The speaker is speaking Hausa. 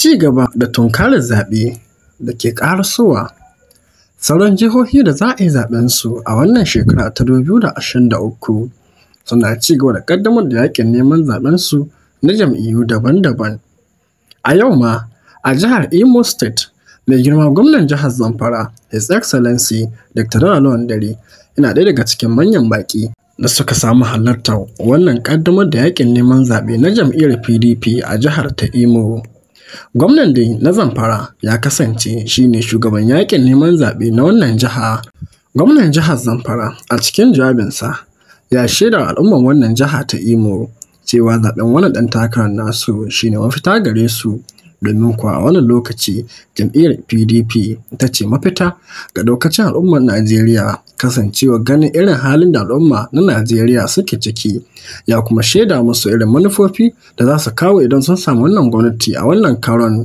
ci gaba da tunkarar zaɓe da ke ƙarasowa, sauran jihohi da za a yi zaɓensu a wannan shekara ta 2023 suna ci gaba da ƙaddamar da yaƙin neman zaɓensu na jam'iyyu daban-daban. A yau ma, a jihar Imo State, mai girma gwamnan jihar Zamfara, His Excellency Dr. Lalon Dare, yana ɗaya daga cikin manyan baƙi da suka samu halartar wannan ƙaddamar da yaƙin neman zaɓe na jam'iyyar PDP a jihar ta Imo. Gwamnan dai na Zamfara ya kasance shi ne shugaban yakin neman zaɓe na wannan jiha. Gwamnan jihar Zamfara a cikin jawabinsa ya shaida al'ummar wannan jiha ta Imo cewa zaɓen wani ɗan takarar nasu shi ne mafita gare su domin kuwa a wani lokaci jam'iyyar PDP ita ce mafita ga ɗaukacin al'ummar Najeriya kasancewa ganin irin halin da al'umma na Najeriya suke ciki ya kuma shaida musu irin manufofi da za su kawo idan sun samu wannan gwamnati a wannan karon.